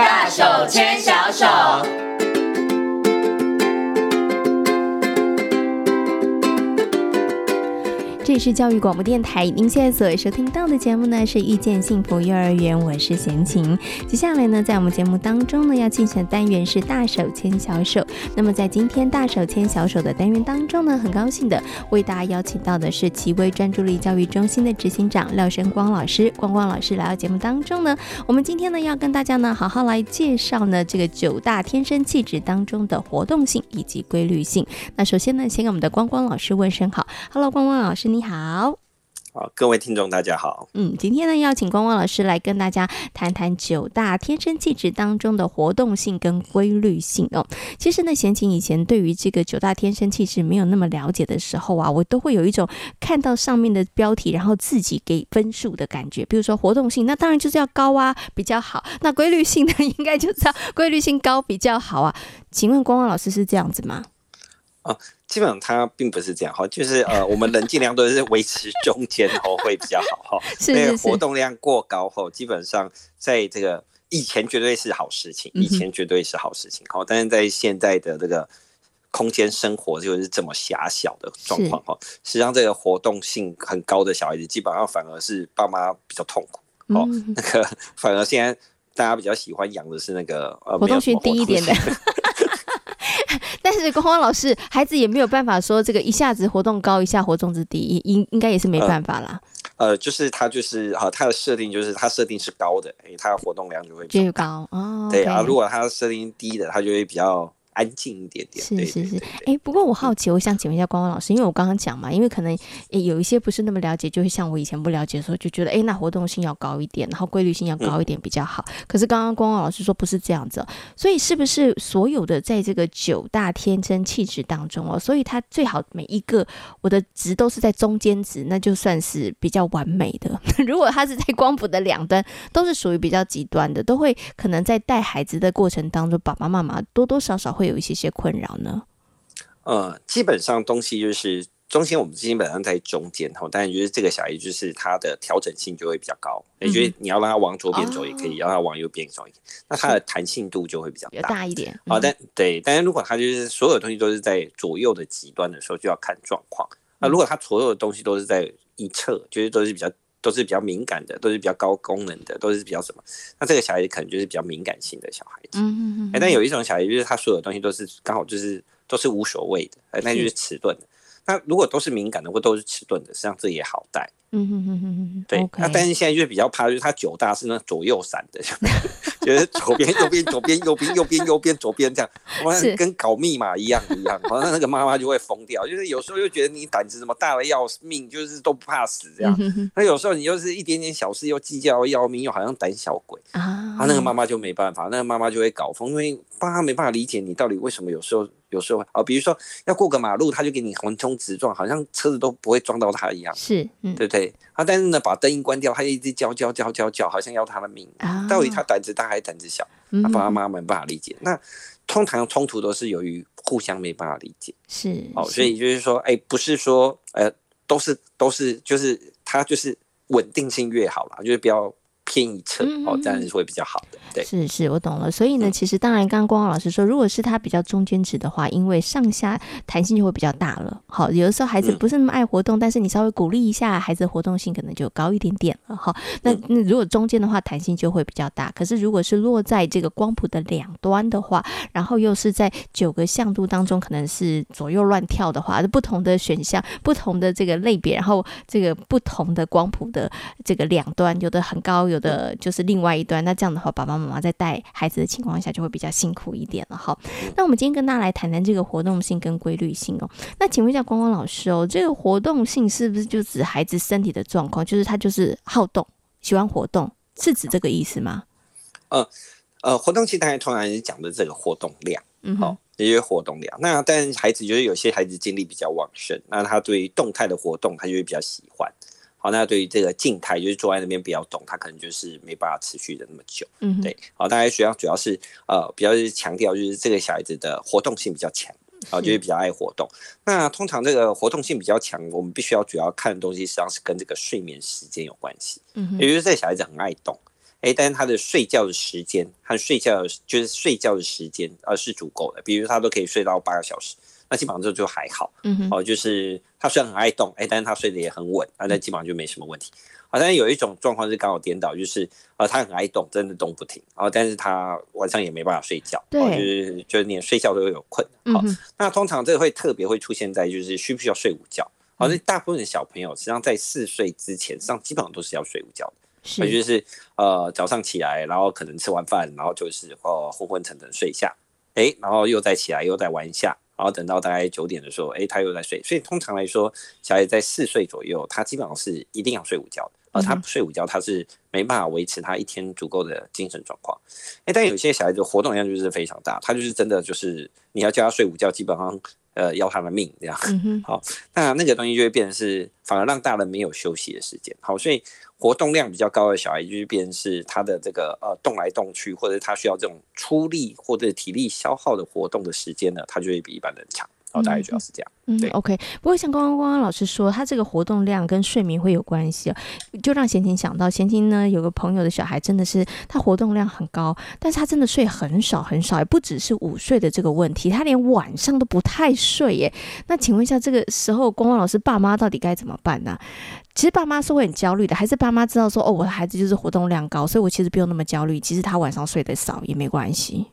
大手牽小手。這裡是教育廣播電臺，您現在所收聽到的節目呢是遇見幸福幼兒園，我是閒琴。接下來呢，在我們節目當中呢，要進行的單元是大手牽小手。那麼在今天大手牽小手的單元當中呢，很高興的為大家邀請到的是奇威專注力教育中心的執行長廖笙光老師。光光老師來到節目當中呢，我們今天呢要跟大家呢好好來介紹呢這個九大天生氣質當中的活動性以及規律性。那首先呢，先給我們的光光老師問聲好，Hello，光光老師，您。你好，好，各位聽眾，大家好。嗯，今天呢要請光光老師來跟大家談談九大天生氣質當中的活動性跟規律性哦。其實呢，賢琴以前對於這個九大天生氣質沒有那麼了解的時候啊，我都會有一種看到上面的標題，然後自己給分數的感覺。比如說活動性，那當然就是要高啊，比較好。那規律性呢，應該就是要規律性高比較好啊。請問光光老師是這樣子嗎？基本上他並不是這樣哈，就是呃，我們人儘量都是維持中間哦，會比較好哈。 那個活動量過高後，基本上在這個以前絕對是好事情，以前絕對是好事情哈、嗯。但是在現在的這個空間生活就是這麼狹小的狀況哈，實際上這個活動性很高的小孩子基本上反而是爸媽比較痛苦哦、嗯，那個反而現在大家比較喜歡養的是那個呃活動性低一點的、呃。 但是光光老師，孩子也沒有辦法說這個一下子活動高，一下活動之低，應應該也是沒辦法啦。呃，呃就是他就是啊，他的設定就是他設定是高的，誒，他的活動量就會越高哦。對啊、okay，如果他設定低的，他就會比較安靜一點點對對對對對，是是是。哎、欸，不過我好奇，我想請問一下光光老師，因為我剛剛講嘛，因為可能、欸、有一些不是那麼了解，就會像我以前不了解的時候，就覺得，哎、欸，那活動性要高一點，然後規律性要高一點比較好。嗯、可是剛剛光光老師說不是這樣子、喔，所以是不是所有的在這個九大天生氣質當中哦、喔，所以它最好每一個我的值都是在中間值，那就算是比較完美的。 如果它是在光譜的兩端，都是屬於比較極端的，都會可能在帶孩子的過程當中，爸爸媽媽多多少少會。有一些些困擾呢。呃，基本上東西就是中心，我們基本上在中間哈。當然，就是這個小 A 就是它的調整性就會比較高，嗯、也就是你要讓它往左邊走也可以，要、哦、讓它往右邊走一點，那它的彈性度就會比較大，大一點。好、嗯哦，但對，但是如果它就是所有東西都是在左右的極端的時候，就要看狀況。嗯、那如果它所有的東西都是在一側，就是都是比較。都是比較敏感的，都是比較高功能的，都是比較什麼？那這個小孩可能就是比較敏感性的小孩子。嗯嗯哎、欸，但有一種小孩就是他所有的東西都是剛好就是都是無所謂的，欸，那就是遲鈍的，嗯。那如果都是敏感的或都是遲鈍的，實際上這也好帶。嗯哼哼哼哼，對，那、okay 啊、但是現在就比較怕，就是他九大是那左右閃的， 覺得左邊右邊左邊右邊右邊右邊左邊這樣，好像跟搞密碼一樣一樣。好 像那個媽媽就會瘋掉，就是有時候又覺得你膽子什麼大了要命，就是都不怕死這樣。嗯、哼哼，那有時候你又是一點點小事又計較要命，又好像膽小鬼啊。他那個媽媽就沒辦法，那個媽媽就會搞瘋，因為爸媽沒辦法理解你到底為什麼有時候有時候啊、呃，比如說要過個馬路，他就給你橫衝直撞，好像車子都不會撞到他一樣，是，嗯、對，對對？對，啊，但是呢，把燈一關掉，他一直叫叫叫叫叫，好像要他的命啊。Oh. 到底他膽子大還是膽子小？他爸爸媽媽沒辦法理解。Mm. 那通常衝突都是由於互相沒辦法理解，是，哦，所以就是說，哎，欸，不是說，呃，都是都是，就是他就是穩定性越好啦，就是不要。偏一側哦，嗯嗯，這樣是會比較好的，對，是是，我懂了。所以呢，其實當然，剛剛光光老師說，如果是他比較中間值的話，因為上下彈性就會比較大了。好，有的時候孩子不是那麼愛活動，嗯、但是你稍微鼓勵一下，孩子活動性可能就高一點點了。哈，那那如果中間的話，彈性就會比較大。可是如果是落在這個光譜的兩端的話，然後又是在九個向度當中，可能是左右亂跳的話，不同的選項、不同的這個類別，然後這個不同的光譜的這個兩端，有的很高，有。的、嗯、就是另外一端，那這樣的話，爸爸媽媽在帶孩子的情況下就會比較辛苦一點了哈。那我們今天跟大家來談談這個活動性跟規律性哦。那請問一下光光老師哦，這個活動性是不是就指孩子身體的狀況，就是他就是好動，喜歡活動，是指這個意思嗎？嗯、呃呃，活動性大概通常是講的這個活動量，哦、嗯哼，也就是活動量。那但孩子就是有些孩子精力比較旺盛，那他對於動態的活動，他就會比較喜歡。那對於這個靜態，就是坐在那邊比較懂，他可能就是沒辦法持續的那麼久。嗯、對，好、哦，大家主要主要是呃，比較強調就是這個小孩子的活動性比較強，啊、呃，就是比較愛活動。那通常這個活動性比較強，我們必須要主要看的東西實際上是跟這個睡眠時間有關係。嗯，比如這個小孩子很愛動，哎，但是他的睡覺的時間和睡覺，就是睡覺的時間啊、呃、是足夠的，比如他都可以睡到八個小時。那基本上就就還好，嗯哼，哦、呃，就是他雖然很愛動，哎、欸，但是他睡得也很穩，啊，那基本上就沒什麼問題。好、啊、像有一種狀況是剛好顛倒，就是呃，他很愛動，真的動不停，然、啊、後但是他晚上也沒辦法睡覺，對，啊、就是就是連睡覺都有困難好、啊嗯。那通常這會特別會出現在就是需不需要睡午覺？好、啊、像、嗯、大部分的小朋友實際上在四歲之前，實際上基本上都是要睡午覺的，是，啊、就是呃早上起來，然後可能吃完飯，然後就是哦昏昏沉沉，沉睡一下，哎、欸，然後又再起來又再玩一下。然後等到大概九點的時候，誒、欸，他又在睡。所以通常來說，小孩在四歲左右，他基本上是一定要睡午覺的。而他不睡午覺，他是沒辦法維持他一天足夠的精神狀況。誒、欸，但有些小孩子活動量就是非常大，他就是真的就是你要叫他睡午覺，基本上。呃，要他的命這樣，嗯、好，那那個東西就會變成是，反而讓大人沒有休息的時間，好，所以活動量比較高的小孩，就是變成是他的這個呃動來動去，或者他需要這種出力或者體力消耗的活動的時間呢，他就會比一般人強。哦，大概主要是這樣，嗯，o、okay. k 不過像光光光光老師說，他這個活動量跟睡眠會有關係，哦、就讓賢婷想到賢婷呢有個朋友的小孩真的是他活動量很高，但是他真的睡很少很少，也不只是午睡的這個問題，他連晚上都不太睡耶。那請問一下，這個時候光光老師，爸媽到底該怎麼辦呢？啊？其實爸媽是會很焦慮的，還是爸媽知道說哦我的孩子就是活動量高，所以我其實不用那麼焦慮，其實他晚上睡得少也沒關係。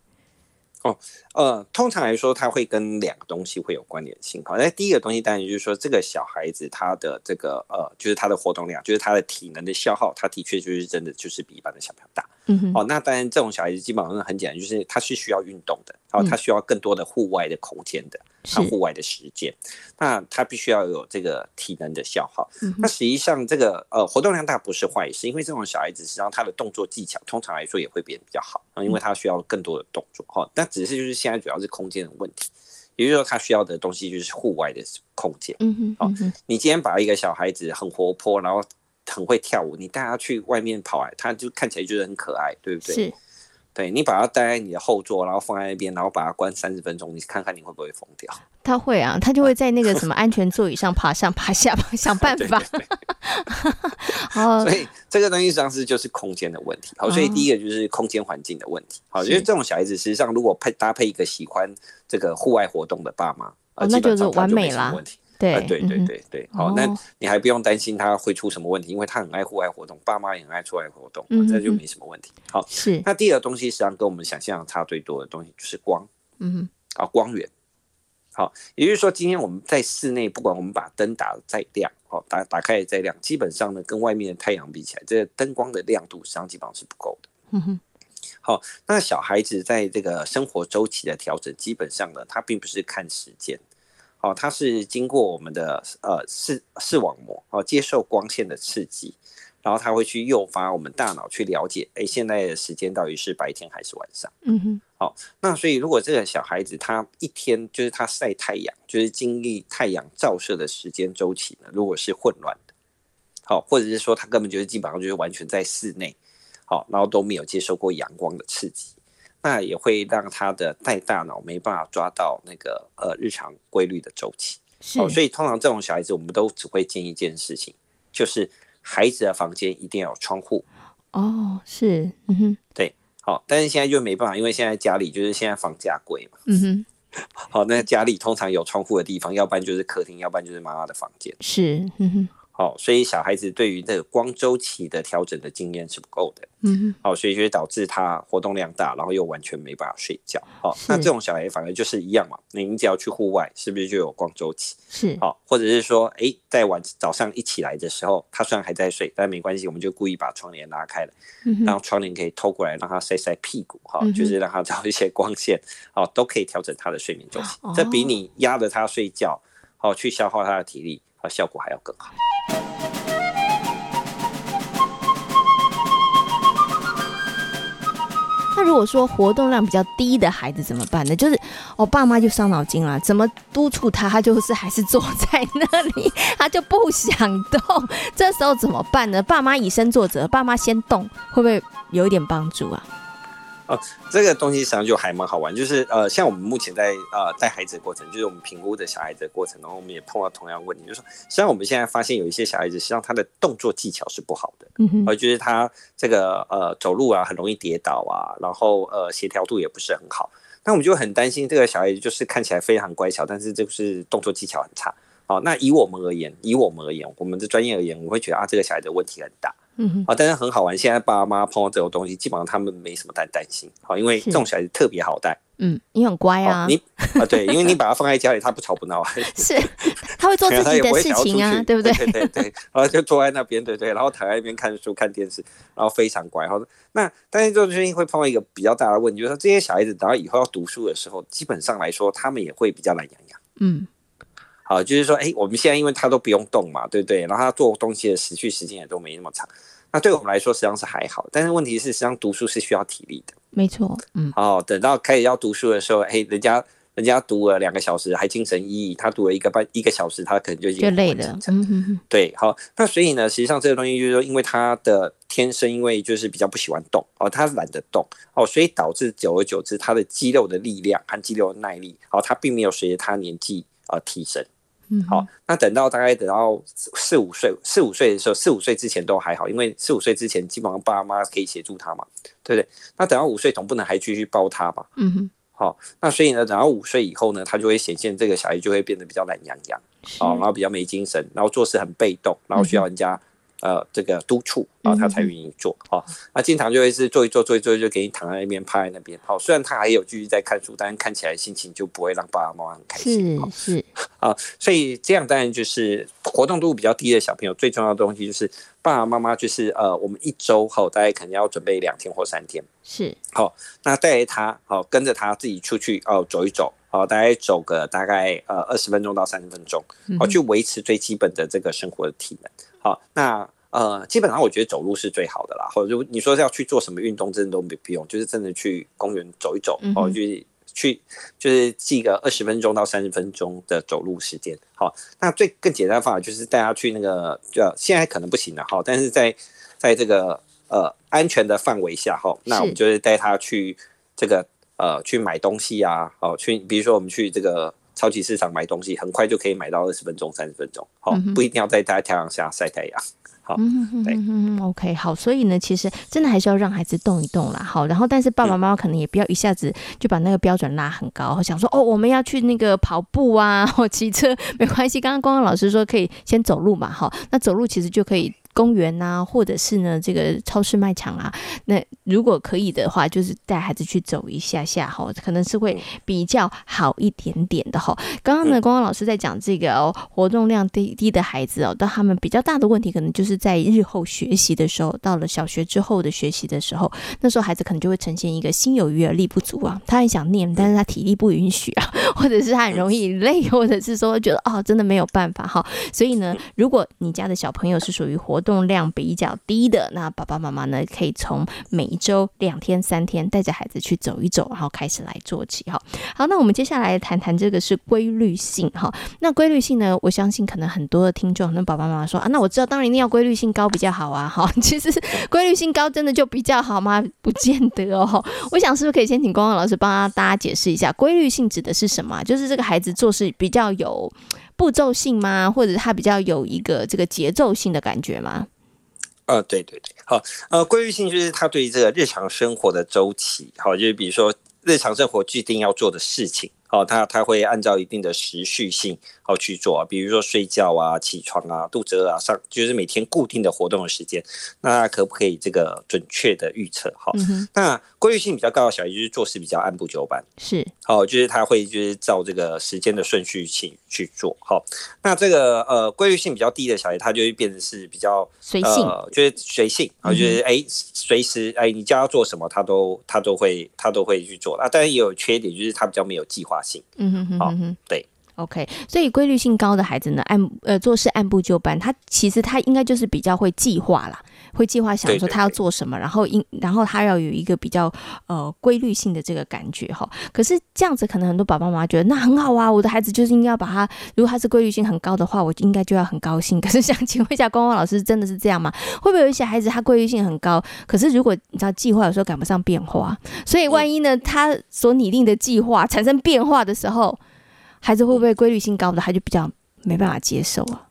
哦，呃，通常來說，他會跟兩個東西會有關聯性。好，那第一個東西當然就是說，這個小孩子，他的這個呃，就是他的活動量，就是他的體能的消耗，他的確就是真的就是比一般的小朋友大。嗯哼。哦，那當然這種小孩子基本上很簡單，就是他是需要運動的，然後他需要更多的戶外的空間的。嗯嗯他戶外的時間，那他必須要有這個體能的消耗。嗯、那實際上這個呃活動量大不是壞事，因為這種小孩子實際上他的動作技巧通常來說也會變得比較好，呃、因為他需要更多的動作哈、呃。但只是就是現在主要是空間的問題，也就是說他需要的東西就是戶外的空間、呃。嗯好、嗯呃，你今天把一個小孩子很活潑，然後很會跳舞，你帶他去外面跑，他就看起來就是很可愛，對不對？對，你把它待在你的後座，然後放在那邊，然後把它關三十分鐘，你看看你會不會瘋掉？他會啊，他就會在那個什麼安全座椅上爬上 爬下，爬下，想辦法。對對對 oh. 所以這個東西上是就是空間的問題。好，所以第一個就是空間環境的問題。好，oh. 因為這種小孩子，實際上如果配搭配一個喜歡這個戶外活動的爸媽啊，oh, 哦，那就是完美啦。對，呃、對對對對對，好、嗯，哦，那你還不用擔心他會出什麼問題，哦、因為他很愛戶外活動，爸媽也很愛出外活動，嗯，這就沒什麼問題。好，哦，是。那第二個東西，實際上跟我們想象差最多的東西就是光，嗯哼，啊，光源。好，哦，也就是說，今天我們在室內，不管我們把燈打得再亮，哦，打打開再亮，基本上呢，跟外面的太陽比起來，這個燈光的亮度實際上基本上是不夠的。嗯哼。好，哦，那小孩子在這個生活週期的調整，基本上呢，他並不是看時間。哦，它是經過我們的呃視視網膜哦，接受光線的刺激，然後它會去誘發我們大腦去了解，哎，現在的時間到底是白天還是晚上。嗯哼。好、哦，那所以如果這個小孩子他一天就是他曬太陽，就是經歷太陽照射的時間週期呢，如果是混亂的，好、哦，或者是說他根本就是基本上就是完全在室內，好、哦，然後都沒有接受過陽光的刺激。那也會讓他的帶大腦沒辦法抓到那個呃日常規律的周期，哦。所以通常這種小孩子我們都只會建議一件事情，就是孩子的房間一定要有窗戶。哦、oh,，是，嗯哼，對，好、哦，但是現在就沒辦法，因為現在家裡就是現在房價貴嘛，嗯哼，好、 哦，那家裡通常有窗戶的地方，要不然就是客廳，要不然就是媽媽的房間，是，嗯哼。哦，所以小孩子對於那個光周期的調整的經驗是不夠的。嗯。哦，所以就會導致他活動量大，然後又完全沒辦法睡覺。哦，那這種小孩反而就是一樣嘛。你只要去戶外，是不是就有光周期？是。好，哦，或者是說，哎，欸，在晚早上一起來的時候，他雖然還在睡，但沒關係，我們就故意把窗簾拉開了，嗯，讓窗簾可以透過來，讓他曬曬屁股哈，哦嗯，就是讓他找一些光線。哦，都可以調整他的睡眠周期，哦。這比你壓着他睡覺，哦，去消耗他的體力。效果還要更好。那如果說活動量比較低的孩子怎麼辦呢？就是我、哦、爸媽就傷腦筋了，怎麼督促他？他就是還是坐在那裡，他就不想動。這時候怎麼辦呢？爸媽以身作則，爸媽先動，會不會有一點幫助啊？哦，這個東西實際上就還蠻好玩，就是呃，像我們目前在呃帶孩子的過程，就是我們評估的小孩子的過程，然後我們也碰到同樣的問題，就是說，雖然我們現在發現有一些小孩子，實際上他的動作技巧是不好的，嗯哼，而、呃、就是他這個呃走路啊很容易跌倒啊，然後呃協調度也不是很好，那我們就很擔心這個小孩子就是看起來非常乖巧，但是就是動作技巧很差。好、呃，那以我們而言，以我們而言，我們的專業而言，我們會覺得啊這個小孩子的問題很大。嗯，啊，但是很好玩。現在爸爸媽媽碰到這種東西，基本上他們沒什麼擔擔心，好，因為這種小孩子特別好帶。嗯，你很乖啊，你啊，對， 因為你把他放在家裡，他不吵不鬧啊。 是，他會做自己的事情啊， 不啊對不對？ 對對對，然後就坐在那邊，對，對對，然後躺在那邊看書看電視，然後非常乖。好，那但這就是這種會碰到一個比較大的問題，就是說這些小孩子等到以後要讀書的時候，基本上來說他們也會比較懶洋洋。嗯。好，就是說，哎、欸，我們現在因為他都不用動嘛，對不對？然後他做東西的持續時間也都沒那麼長，那對我們來說實際上是還好。但是問題是，實際上讀書是需要體力的，沒錯。嗯。哦，等到開始要讀書的時候，哎、欸，人家人家讀了兩個小時還精神奕奕，他讀了一個半一個小時，他可能就已經累了。對，好，那所以呢，實際上這個東西就是說，因為他的天生，因為就是比較不喜歡動哦，他懶得動哦，所以導致久而久之，他的肌肉的力量和肌肉的耐力，哦，他並沒有隨着他年紀而、呃、提升。嗯， 好，那等到大概等到四五歲，四五歲的時候，四五歲之前都還好，因為四五歲之前基本上爸媽可以協助他嘛，對不對？那等到五歲總不能還繼續抱他吧？嗯哼，好、哦，那所以呢，等到五歲以後呢，他就會顯現這個小孩就會變得比較懶洋洋，好、哦，然後比較沒精神，然後做事很被動，然後需要人家。呃，這個督促，然後、哦、他才願意做啊、嗯哦。那經常就會是坐一坐，坐一坐，就給你躺在那邊，趴在那邊。好、哦，雖然他還有繼續在看書，但是看起來心情就不會讓爸爸媽媽很開心。是、哦、是啊、哦，所以這樣當然就是活動度比較低的小朋友，最重要的東西就是爸爸媽媽就是呃，我們一周後、哦、大概可能要準備兩天或三天。是好、哦，那帶他好、哦，跟着他自己出去哦，走一走好、哦，大概走個大概呃二十分鐘到三十分鐘，好、嗯哦，去維持最基本的這個生活的體能。好、嗯哦，那。呃，基本上我覺得走路是最好的啦。或者你說是要去做什麼運動，真的都沒必要，就是真的去公園走一走，哦、嗯，就是去就是記個二十分鐘到三十分鐘的走路時間。好，那最更簡單的方法就是帶他去那個，就現在可能不行了哈，但是在在這個呃安全的範圍下哈，那我們就是帶他去這個呃去買東西啊，哦去，比如說我們去這個。超級市場買東西，很快就可以買到20，二十分鐘、三十分鐘，好，不一定要在太陽下曬太陽、嗯，好。對，OK，好，所以呢，其實真的還是要讓孩子動一動啦，好。然後，但是爸爸媽媽可能也不要一下子就把那個標準拉很高，嗯、想說哦，我們要去那個跑步啊，或、哦、騎車，沒關係。剛剛光光老師說可以先走路嘛，好，那走路其實就可以。公園吶、啊，或者是呢，這個超市賣場啊，那如果可以的話，就是帶孩子去走一下下哈，可能是會比較好一點點的哈。剛剛呢，光光老師在講這個哦，活動量低低的孩子哦，當他們比較大的問題，可能就是在日後學習的時候，到了小學之後的學習的時候，那時候孩子可能就會呈現一個心有餘而力不足啊，他很想念，但是他體力不允許啊，或者是他很容易累，或者是說覺得哦，真的沒有辦法哈。所以呢，如果你家的小朋友是屬於活動動量比較低的，那爸爸媽媽呢，可以從每週兩天、三天帶着孩子去走一走，然後開始來做起哈。好，那我們接下來談談這個是規律性哈。那規律性呢，我相信可能很多的聽眾跟爸爸媽媽說啊，那我知道，當然一定要規律性高比較好啊。哈，其實規律性高真的就比較好嗎？不見得哦。我想是不是可以先請光光老師幫大家解釋一下，規律性指的是什麼？就是這個孩子做事比較有。步驟性嗎？或者它比較有一個這個節奏性的感覺嗎？啊、呃，對對對，好，呃，規律性就是它對於這個日常生活的周期，好，就是比如說日常生活既定要做的事情，好，它它會按照一定的時序性。好去做啊，比如說睡覺啊、起床啊、肚子餓啊、上就是每天固定的活動的時間，那他可不可以這個準確的預測？好、嗯，那規律性比較高的小孩就是做事比較按部就班，是好、哦，就是他會就是照這個時間的順序去去做。好、哦，那這個呃規律性比較低的小孩，他就會變得是比較隨性、呃，就是隨性，然、呃嗯、就是哎隨、欸、時哎、欸、你叫他做什麼，他都他都會他都會，他都會去做啊。但是也有缺點，就是他比較沒有計劃性。嗯哼哼，哼、哦，對。OK，所以規律性高的孩子呢，按呃做事按部就班，他其實他應該就是比較會計劃啦，會計劃，想說他要做什麼，然後應然後他要有一個比較呃規律性的這個感覺哈。可是這樣子，可能很多爸爸媽媽覺得那很好啊，我的孩子就是應該要把他，如果他是規律性很高的話，我應該就要很高興。可是想請問一下，光光老師真的是這樣嗎？會不會有一些孩子他規律性很高，可是如果你知道計劃有時候趕不上變化，所以萬一呢，他所擬定的計劃產生變化的時候？孩子會不會規律性高的，他就比較沒辦法接受啊？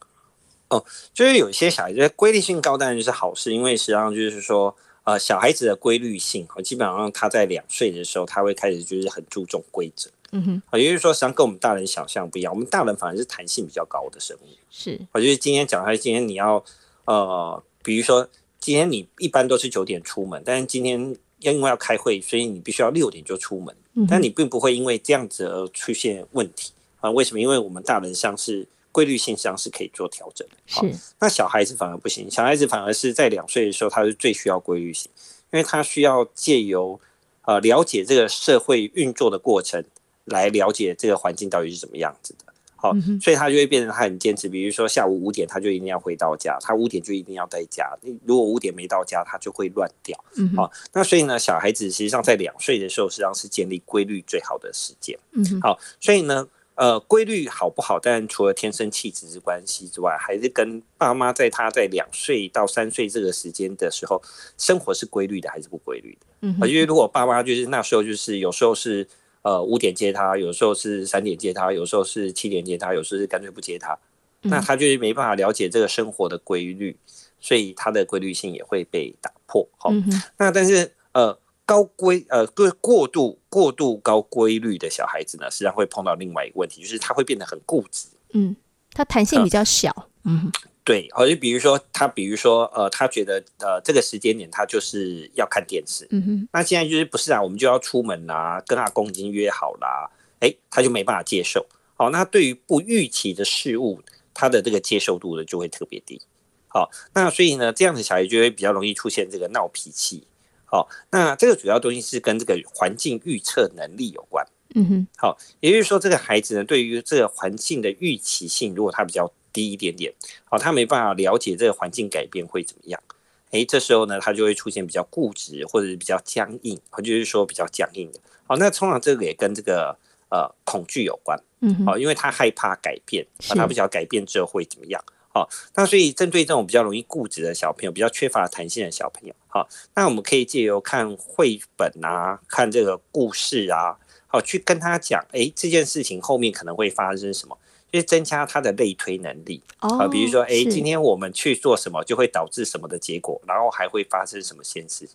哦，就是有一些小孩子，就是規律性高，當然就是好事，因為實際上就是說，呃，小孩子的規律性，基本上他在兩歲的時候，他會開始就是很注重規則。嗯哼，也就是說，實際上跟我們大人想象不一樣，我們大人反而是彈性比較高的生物。是，我、哦、就是今天講，他是今天你要，呃，比如說今天你一般都是九點出門，但是今天。因為要開會，所以你必須要六點就出門，嗯。但你並不會因為這樣子而出現問題啊？為什麼？因為我們大人上是規律性上是可以做調整的，啊。是，那小孩子反而不行。小孩子反而是在兩歲的時候，他是最需要規律性，因為他需要借由呃了解這個社會運作的過程，來了解這個環境到底是怎麼樣子的。哦、所以他就會變得很堅持，比如說下午五點他就一定要回到家，他五點就一定要在家。如果五點沒到家，他就會亂掉。嗯，好、哦，那所以呢，小孩子實際上在兩歲的時候實際上是建立規律最好的時間。嗯，好、哦，所以呢，呃，規律好不好？但除了天生氣質之關係之外，還是跟爸媽在他在兩歲到三歲這個時間的時候，生活是規律的還是不規律的？嗯，因為如果爸媽就是那時候就是有時候是。呃，五點接他，有時候是三點接他，有時候是七點接他，有時候是乾脆不接他、嗯。那他就沒辦法了解這個生活的規律，所以他的規律性也會被打破。好、嗯，那但是呃，高規呃過過度過度高規律的小孩子呢，實際上會碰到另外一個問題，就是他會變得很固執。嗯，他彈性比較小。呃、嗯。對，而就比如說他，比如說，比如說呃，他覺得呃，這個時間點他就是要看電視，嗯哼，那現在就是不是啊，我們就要出門啦，啊，跟他阿公約好啦。誒，他就沒辦法接受。好，哦，那對於不預期的事物，他的這個接受度呢就會特別低。好，哦，那所以呢，這樣的小孩就會比較容易出現這個鬧脾氣。好，哦，那這個主要東西是跟這個環境預測能力有關。嗯哼，好，哦，也就是說，這個孩子呢，對於這個環境的預期性，如果他比較。低一點點，好、哦，他沒辦法了解這個環境改變會怎麼樣，誒，這時候呢，他就會出現比較固執，或者是比較僵硬，哦、就是說比較僵硬的。好、哦，那通常這個也跟這個呃恐懼有關，嗯，好，因為他害怕改變，他不曉得改變之後會怎麼樣。好、哦，那所以針對這種比較容易固執的小朋友，比較缺乏彈性的小朋友，好、哦，那我們可以借由看繪本啊，看這個故事啊，好、哦，去跟他講，誒，這件事情後面可能會發生什麼。就增加他的類推能力，啊、oh，呃，比如說，哎、欸，今天我們去做什麼，就會導致什麼的結果，然後還會發生什麼現實。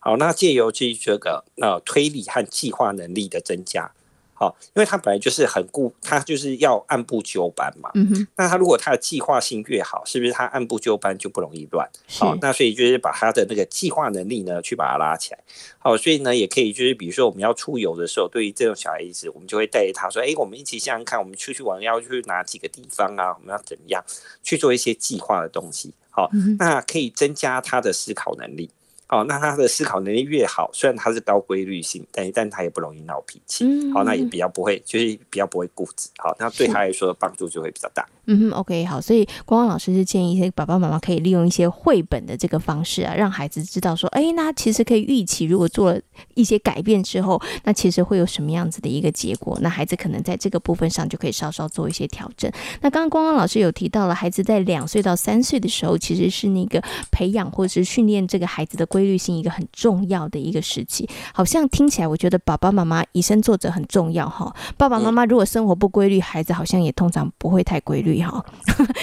好，那借由這這個，呃，推理和計劃能力的增加。好，因為他本來就是很固，他就是要按部就班嘛。嗯哼、那他如果他的計劃性越好，是不是他按部就班就不容易亂？是。好、哦，那所以就是把他的那個計劃能力呢，去把它拉起來。好、哦，所以呢，也可以就是比如說我們要出遊的時候，對於這種小孩子，我們就會帶著他說：“哎、欸，我們一起想想看，我們出去玩要去哪幾個地方啊？我們要怎麼樣去做一些計劃的東西？”好、哦，那可以增加他的思考能力。嗯哦，那他的思考能力越好，雖然他是高規律性，但是但他也不容易鬧脾氣。好、嗯嗯哦，那也比較不會，就是比較不會固執。好、哦，那對他來說的幫助就會比較大。嗯哼，OK，好，所以光光老師是建議一些爸爸媽媽可以利用一些繪本的這個方式啊，讓孩子知道說，哎，那其實可以預期，如果做了一些改變之後，那其實會有什麼樣子的一個結果。那孩子可能在這個部分上就可以稍稍做一些調整。那剛剛光光老師有提到了，孩子在兩歲到三歲的時候，其實是那個培養或者是訓練這個孩子的規。規律性一個很重要的一個時期，好像聽起來，我覺得爸爸媽媽以身作則很重要哈。爸爸媽媽如果生活不規律，嗯，孩子好像也通常不會太規律哈。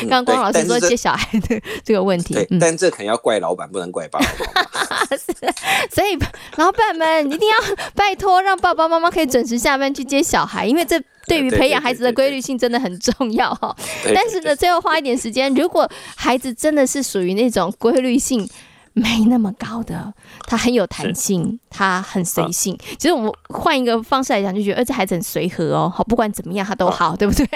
剛剛 光老師說接小孩的這個問題，嗯但，這嗯，但這肯定要怪老闆，不能怪爸爸媽媽。 所以老闆們一定要拜託，讓爸爸媽媽可以準時下班去接小孩，因為這對於培養孩子的規律性真的很重要哈。對，對對對對對但是呢，最後花一點時間，如果孩子真的是屬於那種規律性。沒那麼高的，他很有彈性，他很隨性。其實我們換一個方式來講，就覺得，哎，這孩子很隨和哦。好，不管怎麼樣，他都好，哦，對不對？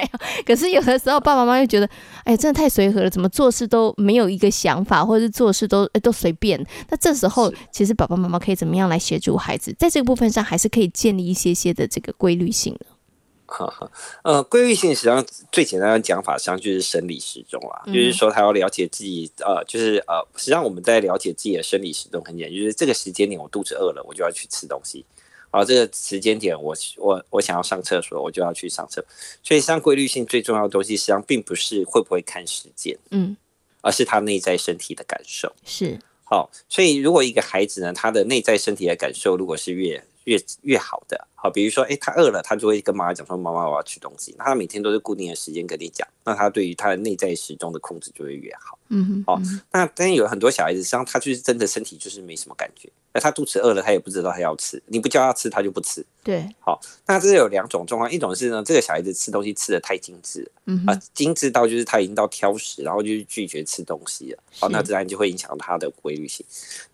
可是有的時候，爸爸媽媽又覺得，哎呀，真的太隨和了，怎麼做事都沒有一個想法，或者是做事都，哎，都隨便。那這時候，其實爸爸媽媽可以怎麼樣來協助孩子，在這個部分上，還是可以建立一些些的這個規律性的。呵呵呃，規律性實際上最簡單的講法，實際上就是生理時鐘啊、嗯，就是說他要了解自己，呃，就是呃，實際上我們在了解自己的生理時鐘很簡單，就是這個時間點我肚子餓了，我就要去吃東西，啊、呃，這個時間點我我我想要上廁所，我就要去上廁所。所以，像規律性最重要的東西，實際上並不是會不會看時間，嗯，而是他內在身體的感受。是，好、哦，所以如果一個孩子呢，他的內在身體的感受如果是越越越好的。好，比如說，哎、欸，他餓了，他就會跟媽媽講說：“媽媽，我要吃東西。”那他每天都是固定的時間跟你講，那他對於他的內在時鐘的控制就會越好。嗯好、嗯哦，那但有很多小孩子，實際上他就是真的身體就是沒什麼感覺，那他肚子餓了，他也不知道他要吃，你不叫他吃，他就不吃。對。好、哦，那這有兩種狀況，一種是呢，這個小孩子吃東西吃的太精致，嗯啊，精致到就是他已經到挑食，然後就是拒絕吃東西了。好，那自然就會影響他的規律性。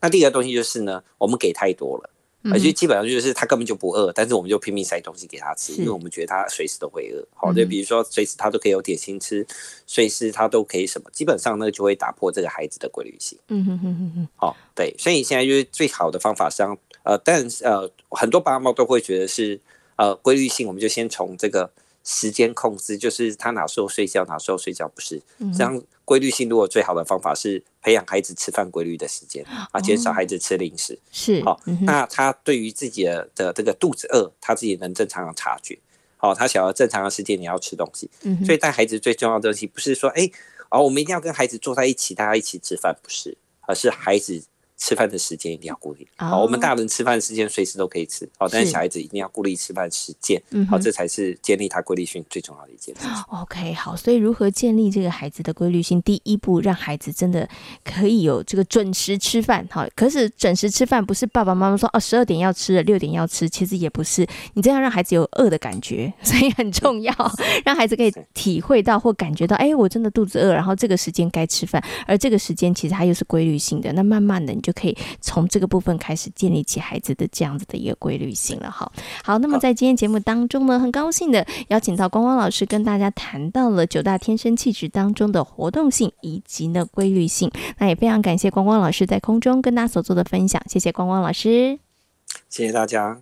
那第二個東西就是呢，我們給太多了。而且基本上就是他根本就不餓，嗯、但是我們就拼命塞東西給他吃，因為我們覺得他隨時都會餓。好、的，比如說隨時他都可以有點心吃，隨、嗯、時他都可以什麼，基本上呢就會打破這個孩子的規律性。嗯嗯嗯嗯嗯。好、哦，對，所以現在就是最好的方法是，呃，但是呃，很多爸媽都會覺得是，呃，規律性，我們就先從這個時間控制，就是他哪時候睡覺，哪時候睡覺，不是、嗯、這樣。規律性，如果最好的方法是培養孩子吃飯規律的時間、哦、啊，減少孩子吃零食是哦、嗯，那他對於自己的的這個肚子餓，他自己能正常的察覺。哦，他想要正常的時間你要吃東西。嗯、所以帶孩子最重要的東西不是說，誒、欸，哦，我們一定要跟孩子坐在一起，大家一起吃飯，不是，而是孩子。吃飯的時間一定要固定。好、oh.，我們大人吃飯的時間隨時都可以吃。好、oh.，但是小孩子一定要固定吃飯時間。好，mm -hmm. 這才是建立他規律性最重要的一件事。OK，好。所以如何建立這個孩子的規律性？第一步，讓孩子真的可以有這個準時吃飯。哈，可是準時吃飯不是爸爸媽媽說哦，十二點要吃了，六點要吃，其實也不是。你這樣讓孩子有餓的感覺，所以很重要， 讓孩子可以體會到或感覺到，哎，我真的肚子餓，然後這個時間該吃飯，而這個時間其實它又是規律性的。那慢慢的你就。就可以從這個部分開始建立起孩子的這樣子的一個規律性了。哈，好，那麼在今天節目當中呢，很高興的邀請到光光老師跟大家談到了九大天生氣質當中的活動性以及呢規律性。那也非常感謝光光老師在空中跟大家所做的分享，謝謝光光老師，謝謝大家。